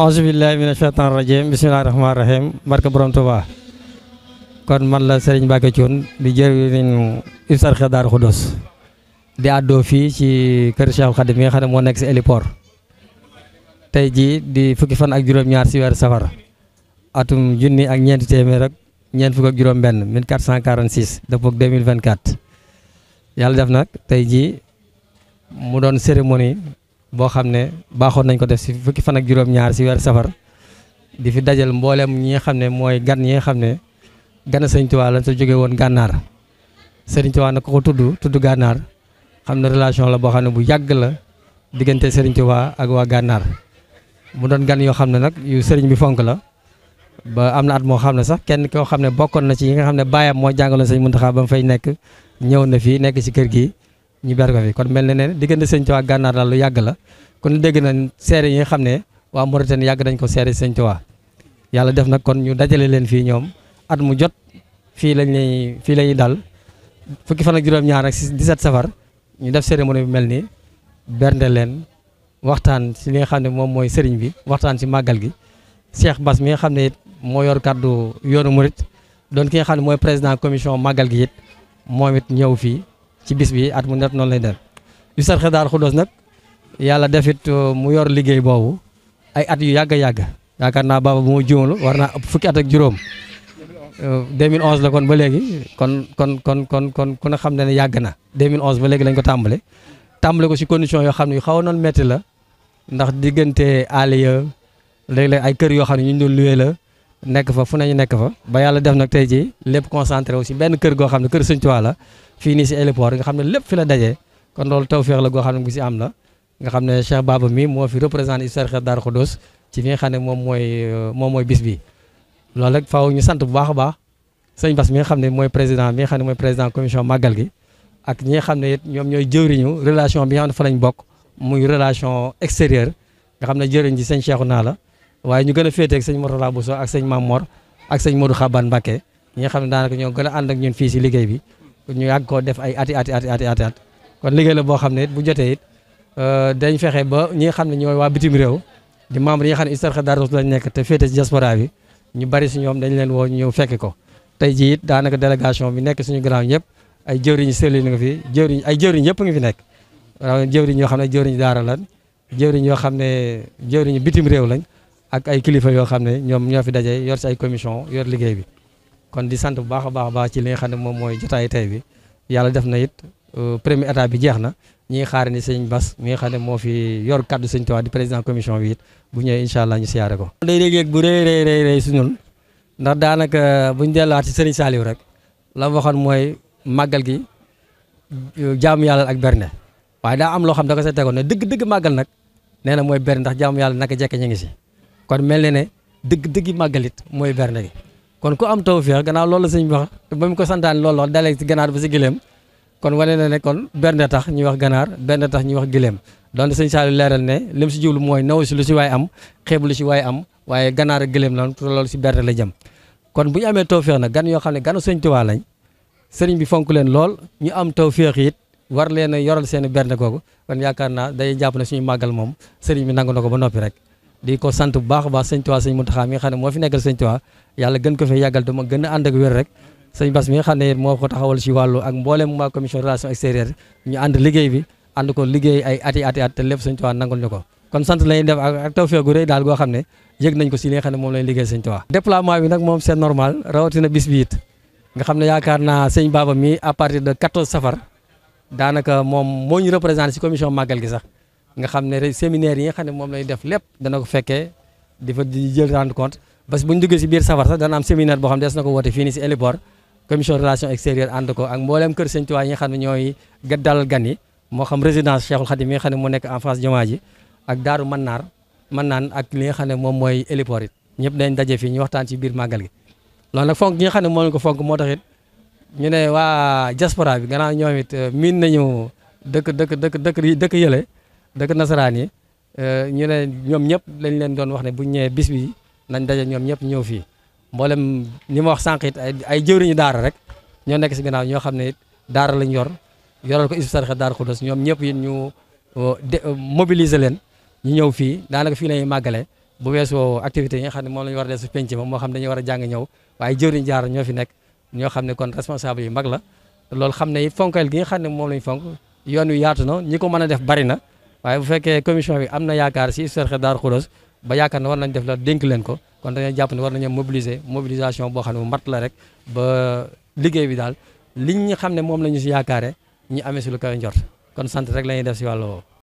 auzubillahi mina shaytaan rajim bismillahi rahmaani rahim barke borom Tuuba kon man la Serigne Mbacké Thioune di jëriñ ifsar xe Daaru Xudoos di àddoo fii ci kër Cheikh Khadim mi nga xam ne moo nekk si héliport di fukki fan ak juróom-ñaar si weeru safar atum junni ak ñeenti téeméer ak ñeent fukk ak juróom-benn 1446 dëppoo 2024 yàlla def nag tey jii mu doon cérémonie boo xam ne baaxoon nañ ko def si fukki fan ak juróom-ñaar si weer safar di fi dajal mbooleem ñi nga xam ne mooy gan ñi nga xam ne gan sëñ Tuubaa lañ sa jóge woon gànnaar sëriñ Tuubaa nag ko ko tudd tudd gànnaar xam ne relation la boo xam ne bu yàgg la diggante sëriñ Tuubaa ak waa gànnaar mu doon gan yoo xam ne nag yu sëriñ bi fonk la ba am na at moo xam ne sax kenn koo xam ne bokkoon na ci yi nga xam ne baayam moo jàngaloon mun Muntaxa ba mu fay nekk ñëw na fii nekk ci kër gi ñu ber ko fi kon mel na ne diggante sëñ Tuubaa gànnaar daal lu yàgg la kon dégg nañ seere yi nga xam ne waa Mauritanie yàgg nañ ko seere sëñ Tuubaa yàlla def nag kon ñu dajale leen fii ñoom at mu jot fii lañ fii lañuy dal fukki fan ak juróom-ñaar ak safar ñu def cérémonie bi mel nii bernde leen waxtaan ci li nga xam ne moom mooy sëriñ bi waxtaan ci màggal gi Cheikh Bass mi nga xam ne moo yor kàddu yoonu murit doon ki nga xam ne mooy président commission màggal gi it moom it ñëw fii ci bis bi at mu nekk noonu lay def yu sarxe Daaru Xudoos nag yàlla defit uh, mu yor liggéey boobu ay at yu yàgg a yàgg yaakaar naa baba bu ma juumalu war naa ëpp fukki at ak juróom 2011 uh, la kon ba léegi kon kon kon kon kon ku ne xam ne ne yàgg na 2011 ba léegi lañ ko tàmbale tàmbale ko si condition yoo xam ne yu xaw noon metti la ndax diggante àll ya léeg-léeg ay kër yoo xam ne ñu doon luwee la nekk fa fu ñu nekk fa ba yàlla def nag tey ji lépp concentré aussi benn kër goo xam ne kër Sëñ Tuubaa la fii nii si héliport nga xam ne lépp fi la dajee kon loolu tawféex la goo xam ne bu si am la nga xam ne Cheikh Baba mi moo fi représenté Hizbut Tarqiyyah Darou Khoudoss ci fi xam ne moom mooy moom mooy bis bi loolu rek faaw ñu sant bu baax a baax sëñ Bass mi nga xam ne mooy président mi nga xam ne mooy président commission màggal gi ak ñi nga xam ne it ñoom ñooy jëwriñu relation bi nga xam ne fa bokk muy relation extérieure nga xam ne jëriñ ji sëñ Cheikhouna la waaye ñu gën a féetee ak sëñ Mourtala Bousso ak sëñ Mamor ak sëñ Modou Xaban Mbacké ñi xam ne daanaka ñoo gën a ànd ak ñun fii si liggéey bi ñu yàgg koo def ay ati ati ati ati ati at kon liggéey la boo xam ne bu jotee it euh, dañ fexe ba ñi nga xam ne ñooy waa bitim réew di membre yi xam ne Hizbut Tarqiyyah lañ nekk te féete si ñu bari si ñoom dañ leen woo ñëw fekk ko tey jiit it daanaka délégation bi nekk suñu gannaaw ñëpp ay jëwriñ sëlin nga fi jëwriñ ay jëwriñ yëpp nga fi nekk jëwriñ yoo xam ne jëwriñ daara lan jëwriñ yoo xam ne jëwriñ bitim réew lañ ak ay kilifa yoo xam ne ñoom ñoo fi daje yor si ay commission yor liggéey bi kon di sant bu baax baax a baax ci li nga xam ne moom mooy jotaay tey bi yàlla def na it euh, premier état bi jeex na ñi xaar ni sëñ Bas mu nga xam ne moo fi yor kaddu sëñ Tuubaa di président commission bi yit bu ñëwee incha allah ñu siyaare ko. day léeg-léeg bu ndax daanaka buñ delluwaat si sëriñ Saliou rek la waxoon mooy màggal gi euh, jaamu yàlla ak berne waaye daa am loo xam da ko sa tegoon ne dëgg-dëgg màggal nag nee na mooy berne ndax jaamu yàlla naka jekk ñu ngi si kon mel na ne dëgg dëggi màggalit mooy bernde gi kon ko am taw gannaaw loolu la sëñ bi wax ba mu ko santaane loolu wax dalee si ganaar ba si gileem kon wane na ne kon bernde tax ñuy wax ganaar bernde tax ñuy wax gileem donc sëñ Saliou leeral ne li mu si jiwlu mooy naw si lu si waay am xeeb lu am waaye ganaar ak gileem lan loolu si bernde la jëm kon bu ñu amee tawfeex nag gan yoo xam ne ganu sëñ Tuubaa lañ sëriñ bi fonk leen lool ñu am taw tawfeex it war leen a yoral seen bernde googu kon yaakaar naa day jàpp ne suñu màggal moom sëriñ bi nangu na ko ba noppi rek di ko sant bu baax a baax sëñ Tuubaa sëñ Muntaxaa mi xam ne moo fi nekkal sëñ Tuubaa yàlla gën ko fi yàggal dama gën a ànd ak wér rek sëñ Bass mi nga xam ne moo ko taxawal si wàllu ak mboolem waa commission relation extérieure ñu ànd liggéey bi ànd ko liggéey ay ati ati at te lépp nangul ñu ko kon sant lañuy def ak tawfeex gu rëy daal goo xam ne yëg nañ ko si li nga xam ne moom lañ liggéey sëñ Tuubaa déploiement bi nag moom c'est normal rawatina bis nga xam ne yaakaar naa sëñ Baba mi à partir de 14 safar daanaka moom moo ñu représenté si commission màggal gi sax nga xam ne séminaire yi nga xam ne moom lay def lépp dana ko fekkee di fa di jël rendre compte parce bu ñu si biir safar sax dana séminaire boo xam ne des na ko woote fii si héliport commission relation extérieure ànd ko ak mbooleem kër Sëñ Tuubaa yi xam ne ñooy dalal gan moo xam résidence Cheikhul Khadim yi xam ne moo nekk en face jumaa ak daaru Mannaar Mannaan ak li nga xam ne moom mooy héliport it ñëpp dañ daje ñu waxtaan ci biir màggal gi dëkk nasaraan yi euh, ñu ne ñoom ñëpp lañ leen doon wax ne bu ñëwee bis nañ daje ñoom ñëpp ñëw fii mboolem ni ma wax sànq it ay ay jëwriñu daara rek ñoo nekk si ginnaaw ñoo xam ne it daara lañ yor yoral ko Hizbut Tarqiyyah Daaru Xudoos ñoom ñëpp it ñu euh, euh, mobiliser leen ñu ñëw fii daanaka fii la ñuy màggale bu weesoo activité yi nga xam ne moom la ñu war a def su penc ma moo xam a jàng ñëw waaye jëwriñ daara ñoo fi nekk ñoo xam ne kon responsable yu mag la loolu xam ne it fonkal gi nga xam ne moom lañ fonk yoon wi yaatu na ñi ko mën a def bari na waaye bu fekkee commission bi am na yaakaar si Serxe Daar Xudos ba yaakaar ne war nañ def la dénk leen ko kon dañoo jàpp ne war nañoo mobiliser mobilisation boo xam ne mat la rek ba liggéey bi daal liñ ñu xam ne moom la ñu si yaakaare ñu amee si lu koy njort kon sant rek la ñuy def si wàll woo